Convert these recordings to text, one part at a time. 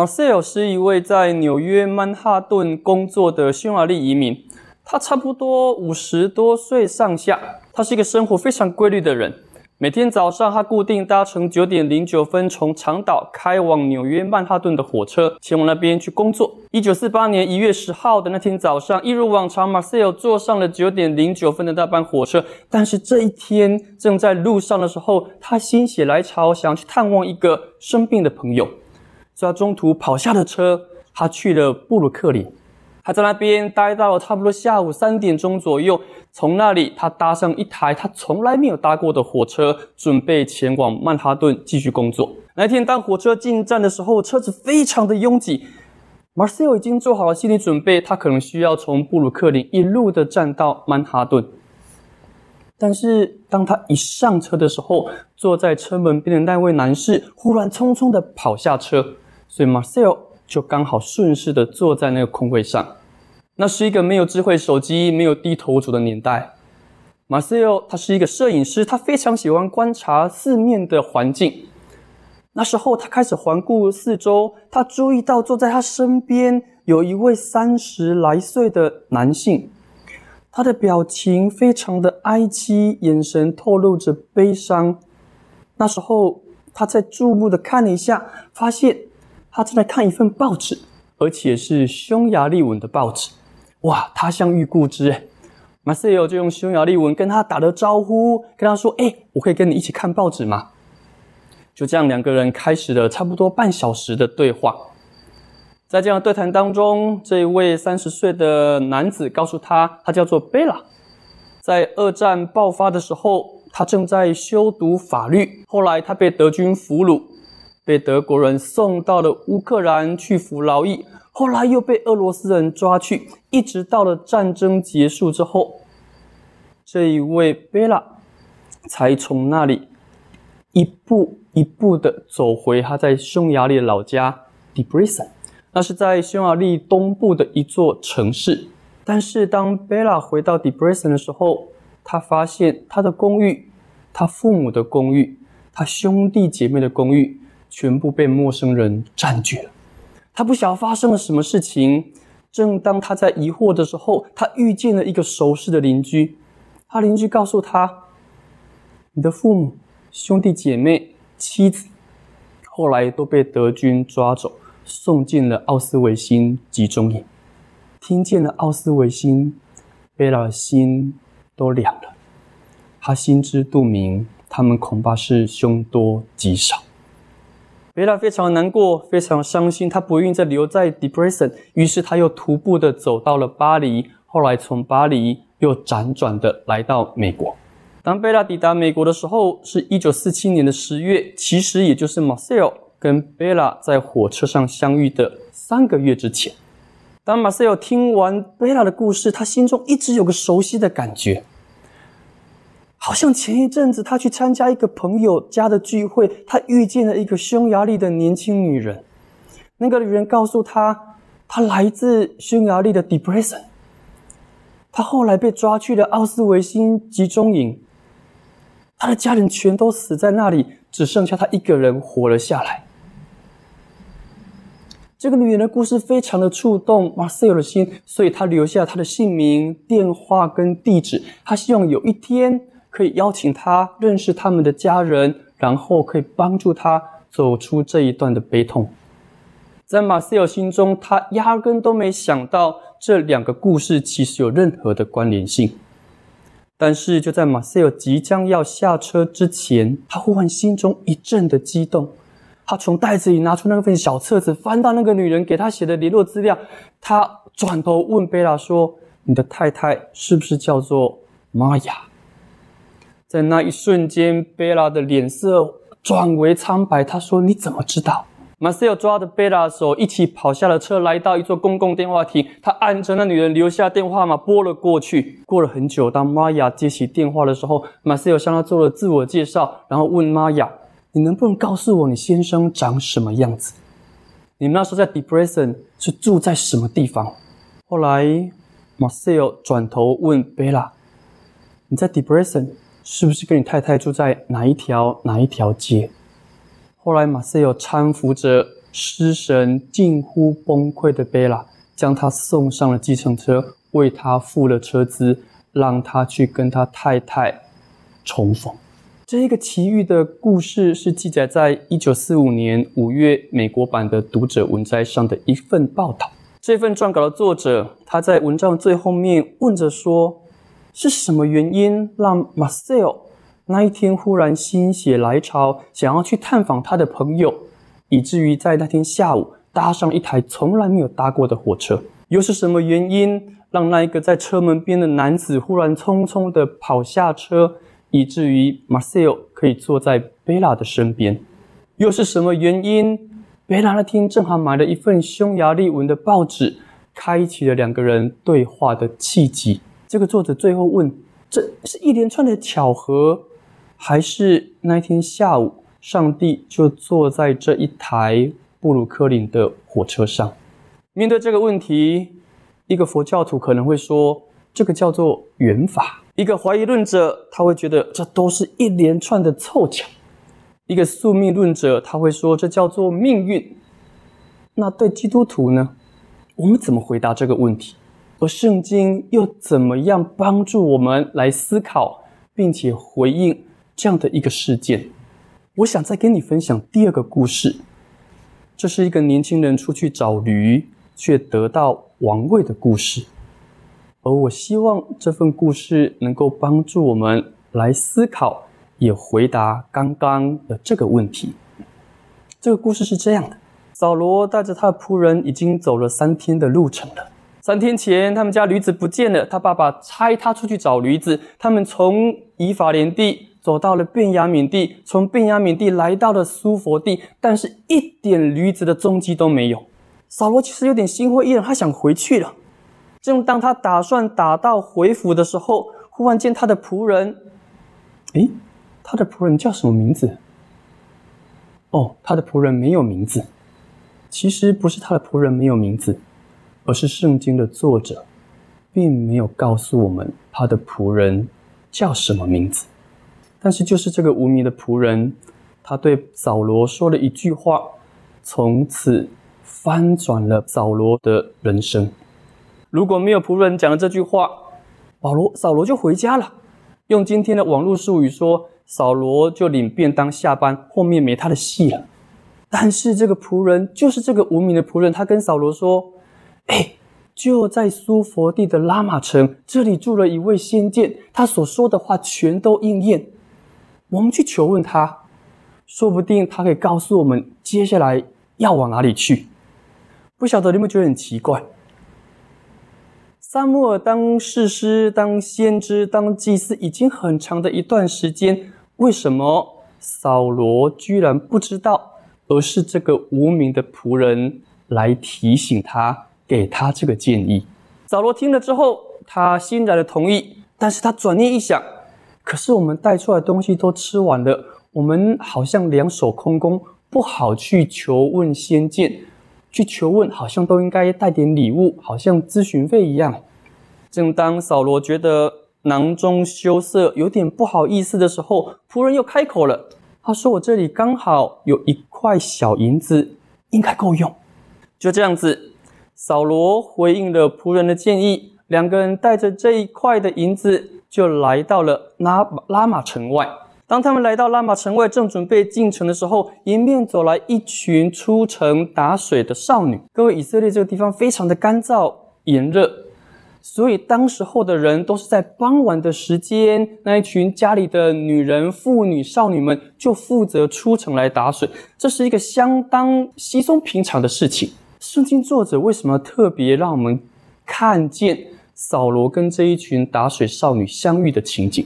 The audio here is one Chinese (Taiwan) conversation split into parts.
Marcel 是一位在紐約曼哈頓工作的匈牙利移民，他差不多五十多歲上下。他是一個生活非常規律的人，每天早上他固定搭乘九點零九分從長島開往紐約曼哈頓的火車前往那邊去工作。一九四八年一月十號的那天早上，一如往常，Marcel 坐上了九點零九分的那班火車。但是這一天正在路上的時候，他心血來潮想去探望一個生病的朋友。他中途跑下了車，他去了布魯克林，他在那邊待到了差不多下午三點鐘左右。從那裡，他搭上一台他從來沒有搭過的火車，準備前往曼哈頓繼續工作。那天，當火車進站的時候，車子非常的擁擠。Marcel 已經做好了心理準備，他可能需要從布魯克林一路的站到曼哈頓。但是，當他一上車的時候，坐在車門邊的那位男士忽然匆匆的跑下車。所以 Marcel 就剛好順勢地坐在那個空位上。那是一個沒有智慧手機、沒有低頭族的年代。Marcel 他是一個攝影師，他非常喜歡觀察四面的環境。那時候他開始環顧四周，他注意到坐在他身邊有一位三十來歲的男性，他的表情非常的哀戚，眼神透露着悲傷。那時候他在注目的看了一下，發現。他正在看一份報紙，而且是匈牙利文的報紙。哇，他鄉遇故知哎！馬塞爾就用匈牙利文跟他打了招呼，跟他說：“哎，我可以跟你一起看報紙嗎？”就這樣，兩個人開始了差不多半小時的對話。在這樣的對談當中，這一位三十歲的男子告訴他，他叫做貝拉。在二戰爆發的時候，他正在修讀法律，後來他被德軍俘虜。被德國人送到了烏克蘭去服勞役，後來又被俄羅斯人抓去，一直到了戰爭結束之後，這一位貝拉才從那裡一步一步的走回他在匈牙利的老家德布雷森，那是在匈牙利東部的一座城市。但是當貝拉回到德布雷森的時候，他發現他的公寓、他父母的公寓、他兄弟姐妹的公寓。全部被陌生人佔據了。他不曉發生了什麼事情。正當他在疑惑的時候，他遇見了一個熟識的鄰居。他鄰居告訴他：“你的父母、兄弟姐妹、妻子，後來都被德軍抓走，送進了奧斯維辛集中營。”聽見了奧斯維辛，貝拉的心都涼了。他心知肚明，他們恐怕是兇多吉少。貝拉非常難過，非常傷心，他不願意再留在 Depression，於是他又徒步的走到了巴黎，後來從巴黎又輾轉的來到美國。當貝拉抵達美國的時候，是一九四七年的十月，其實也就是馬塞 l 跟貝拉在火車上相遇的三個月之前。當馬塞爾聽完貝拉的故事，他心中一直有個熟悉的感覺。好像前一陣子，他去參加一個朋友家的聚會，他遇見了一個匈牙利的年輕女人。那個女人告訴他，她來自匈牙利的 Debrecen，他後來被抓去了奧斯維辛集中營，他的家人全都死在那裡，只剩下他一個人活了下來。這個女人的故事非常的觸動 Marcel 的心，所以他留下她的姓名、電話跟地址，他希望有一天，可以邀請他認識他們的家人，然後可以幫助他走出這一段的悲痛。在馬塞爾心中，他壓根都沒想到這兩個故事其實有任何的關聯性。但是就在馬塞爾即將要下車之前，他忽然心中一陣的激動，他從袋子裡拿出那份小冊子，翻到那個女人給他寫的聯絡資料，他轉頭問貝拉說：“你的太太是不是叫做瑪雅？”在那一瞬間，貝拉的臉色轉為蒼白。他說：“你怎麼知道？”馬塞 l 抓着貝拉的手，一起跑下了車，來到一座公共電話亭。他按着那女人留下電話號碼撥了過去。過了很久，當瑪雅接起電話的時候，馬塞 l 向她做了自我介紹，然後問瑪雅：“你能不能告訴我你先生長什麼樣子？你們那時候在 Depression 是住在什麼地方？”後來，馬塞 l 轉頭問貝拉：“你在 Depression？” 是不是跟你太太住在哪一條哪一條街？後來，馬賽爾攙扶着失神、近乎崩潰的貝拉，將他送上了計程車，為他付了車資，讓他去跟他太太重逢。這一個奇遇的故事是記載在一九四五年五月美國版的《讀者文摘》上的一份報道。這份撰稿的作者，他在文章最後面問着說。是什麼原因讓 Marcel 那一天忽然心血來潮，想要去探訪他的朋友，以至於在那天下午搭上一台從來沒有搭過的火車？又是什麼原因讓那一個在車門邊的男子忽然匆匆地跑下車，以至於 Marcel 可以坐在 Bella 的身邊？又是什麼原因？Bella 那天正好買了一份匈牙利文的報紙，開啟了兩個人對話的契機。這個作者最後問：這是一連串的巧合，還是那天下午上帝就坐在這一台布魯克林的火車上？面對這個問題，一個佛教徒可能會說：這個叫做緣法；一個懷疑論者他會覺得這都是一連串的湊巧；一個宿命論者他會說這叫做命運。那對基督徒呢？我們怎麼回答這個問題？而聖經又怎麼樣幫助我們來思考，並且回應這樣的一個事件？我想再跟你分享第二個故事，這是一個年輕人出去找驢，卻得到王位的故事。而我希望這份故事能夠幫助我們來思考，也回答剛剛的這個問題。這個故事是這樣的：掃羅帶着他的僕人，已經走了三天的路程了。三天前，他們家驢子不見了。他爸爸差他出去找驢子。他們從以法蓮地走到了便雅憫地，從便雅憫地來到了蘇弗地，但是一點驢子的蹤跡都沒有。掃羅其實有點心灰意冷，他想回去了。正當他打算打道回府的時候，忽然見他的僕人，誒，他的僕人叫什麼名字？哦，他的僕人沒有名字。其實不是他的僕人沒有名字。而是聖經的作者，並沒有告訴我們他的僕人叫什麼名字。但是就是這個無名的僕人，他對掃羅說了一句話，從此翻轉了掃羅的人生。如果沒有僕人講了這句話，保羅掃羅就回家了。用今天的網絡術語說，掃羅就領便當下班，後面沒他的戲了。但是這個僕人，就是這個無名的僕人，他跟掃羅說。哎，就在蘇弗地的拉瑪城，這裡住了一位先見，他所說的話全都應驗。我們去求問他，說不定他可以告訴我們接下來要往哪裡去。不曉得你們覺得很奇怪，撒母耳當士師、當先知、當祭司，已經很長的一段時間，為什麼掃羅居然不知道，而是這個無名的僕人來提醒他？給他這個建議，掃羅聽了之後，他欣然的同意。但是他轉念一想，可是我們帶出來的東西都吃完了，我們好像兩手空空，不好去求問先見。去求問好像都應該帶點禮物，好像諮詢費一樣。正當掃羅覺得囊中羞澀，有點不好意思的時候，僕人又開口了。他說：“我這裡剛好有一塊小銀子，應該夠用。”就這樣子。掃羅回應了僕人的建議，兩個人帶着這一塊的銀子就來到了拉拉瑪城外。當他們來到拉瑪城外，正準備進城的時候，迎面走來一群出城打水的少女。各位，以色列這個地方非常的乾燥炎熱，所以當時候的人都是在傍晚的時間，那一群家裡的女人、婦女、少女們就負責出城來打水，這是一個相當稀鬆平常的事情。聖經作者為什麼特別讓我們看見掃羅跟這一群打水少女相遇的情景？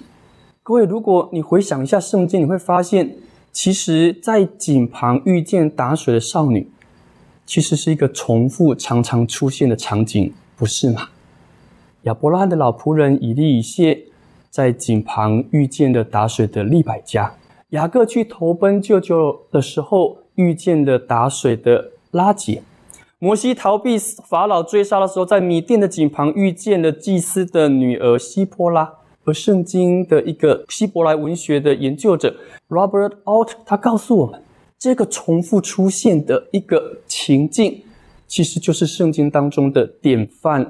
各位，如果你回想一下聖經，你會發現，其實，在井旁遇見打水的少女，其實是一個重複常常出現的場景，不是嗎？亞伯拉罕的老僕人以利以謝在井旁遇見了打水的利百加，雅各去投奔舅舅的時候遇見了打水的拉結。摩西逃避法老追殺的時候，在米甸的井旁遇見了祭司的女兒西坡拉。而聖經的一個希伯來文學的研究者 Robert Alter，他告訴我們，這個重複出現的一個情境，其實就是聖經當中的典範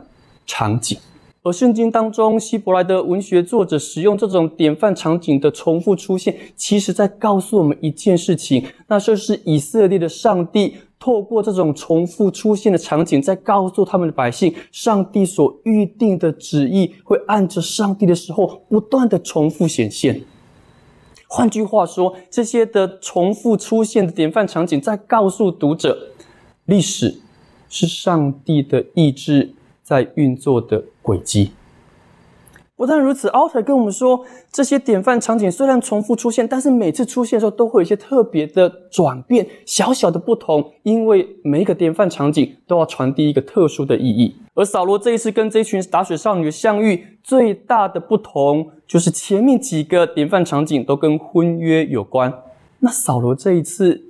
場景。而聖經當中希伯來的文學作者使用這種典範場景的重複出現，其實在告訴我們一件事情，那就是以色列的上帝。透過這種重複出現的場景，在告訴他們的百姓，上帝所預定的旨意會按着上帝的時候不斷的重複顯現。換句話說，這些的重複出現的典範場景，在告訴讀者，歷史是上帝的意志在運作的軌跡。不但如此，奧特跟我們說，這些典範場景雖然重複出現，但是每次出現的時候都會有一些特別的轉變，小小的不同，因為每一個典範場景都要傳遞一個特殊的意義。而掃羅這一次跟這群打水少女的相遇，最大的不同就是前面幾個典範場景都跟婚約有關，那掃羅這一次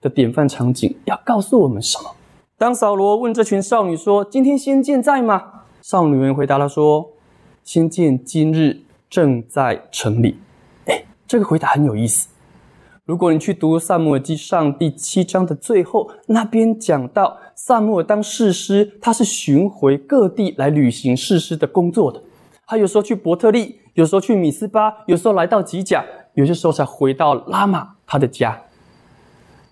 的典範場景要告訴我們什麼？當掃羅問這群少女說：“今天先見在嗎？”少女們回答他說。先見今日正在城裡，哎，這個回答很有意思。如果你去讀《撒母耳記上》第七章的最後，那邊講到撒母耳當士師，他是巡回各地來履行士師的工作的。他有時候去伯特利，有時候去米斯巴，有時候來到吉甲，有些時候才回到拉瑪他的家。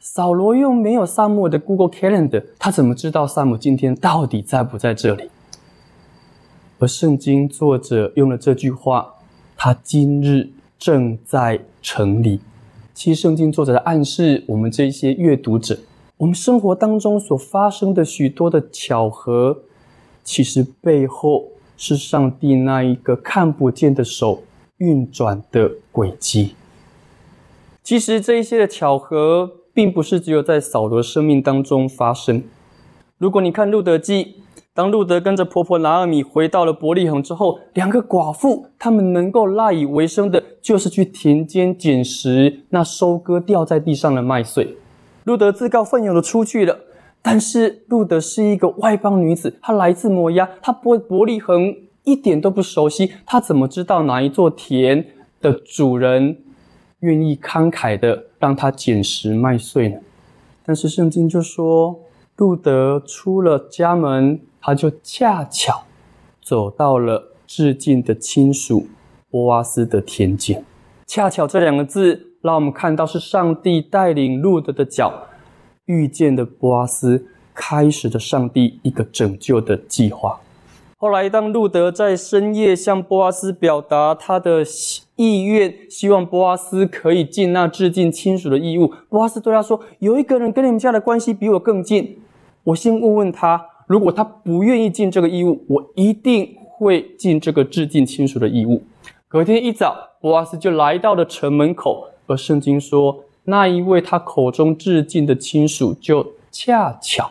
掃羅又沒有撒母耳的 Google Calendar，他怎麼知道撒母耳今天到底在不在這裡？而聖經作者用了這句話：“他今日正在城裡。”其實，聖經作者在暗示，我們這些閱讀者，我們生活當中所發生的許多的巧合，其實背後是上帝那一個看不見的手運轉的軌跡。其實，這一些的巧合，並不是只有在掃羅生命當中發生。如果你看《路得記》，當路得跟着婆婆拿俄米回到了伯利恆之後，兩個寡婦她們能夠賴以為生的就是去田間撿拾那收割掉在地上的麥穗。路得自告奮勇地出去了，但是路得是一個外邦女子，她來自摩押，她對伯利恆一點都不熟悉，她怎麼知道哪一座田的主人願意慷慨地讓她撿拾麥穗呢？但是聖經就說。路德出了家門，他就恰巧走到了至近的親屬波阿斯的田間。恰巧這兩個字讓我們看到是上帝帶領路德的腳遇見的波阿斯，開始的上帝一個拯救的計劃。後來，當路德在深夜向波阿斯表達他的意願，希望波阿斯可以盡那至近親屬的義務，波阿斯對他說：“有一個人跟你們家的關係比我更近。”我先問問他，如果他不願意盡這個義務，我一定會盡這個致敬親屬的義務。隔天一早，波阿斯就來到了城門口，而聖經說，那一位他口中致敬的親屬就恰巧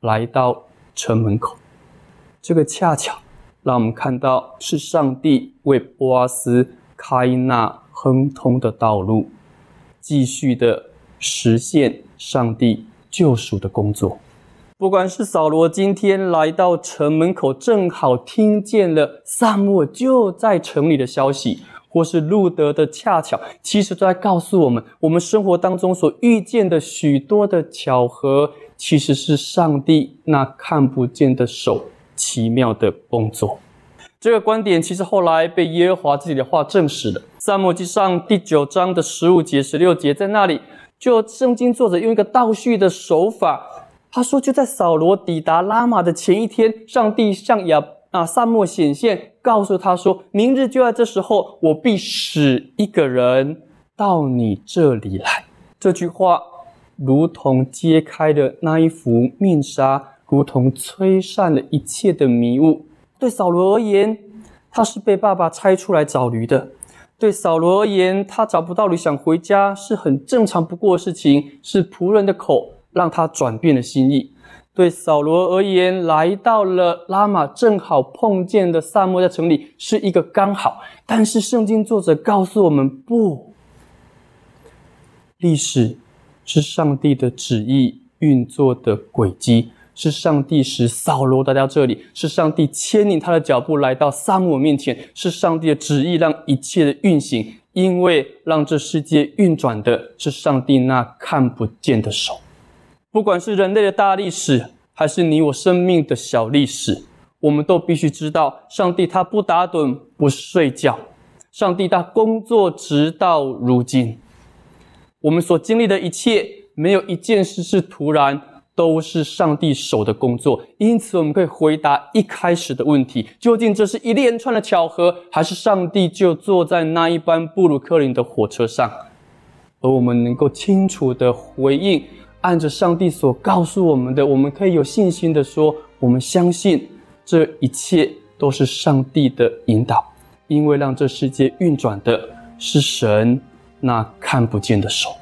來到城門口。這個恰巧，讓我們看到是上帝為波阿斯開那亨通的道路，繼續的實現上帝救贖的工作。不管是掃羅今天來到城門口正好聽見了撒母耳就在城裡的消息，或是路得的恰巧，其實都在告訴我們，我們生活當中所遇見的許多的巧合，其實是上帝那看不見的手奇妙的工作。這個觀點其實後來被耶和華自己的話證實了。撒母耳記上第九章的十五節、十六節，在那裡就聖經作者用一個倒敘的手法。他說：“就在掃羅抵達拉瑪的前一天，上帝向亞啊撒母耳顯現，告訴他說：說明日就在這時候，我必使一個人到你這裡來。”這句話如同揭開的那一幅面紗，如同吹散了一切的迷霧。對掃羅而言，他是被爸爸拆出來找驢的；對掃羅而言，他找不到驢，想回家是很正常不過的事情。是僕人的口。讓他轉變了心意。對掃羅而言，來到了拉瑪正好碰見的撒母在城裡是一個剛好。但是聖經作者告訴我們，不，歷史是上帝的旨意運作的軌跡，是上帝使掃羅來到這裡，是上帝牽引他的腳步來到撒母面前，是上帝的旨意讓一切的運行，因為讓這世界運轉的是上帝那看不見的手。不管是人類的大歷史，還是你我生命的小歷史，我們都必須知道，上帝他不打盹，不睡覺，上帝他工作直到如今。我們所經歷的一切，沒有一件事是突然，都是上帝手的工作。因此，我們可以回答一開始的問題：究竟這是一連串的巧合，還是上帝就坐在那一班布魯克林的火車上？而我們能夠清楚地回應。按着上帝所告訴我們的，我們可以有信心地說，我們相信這一切都是上帝的引導，因為讓這世界運轉的是神那看不見的手。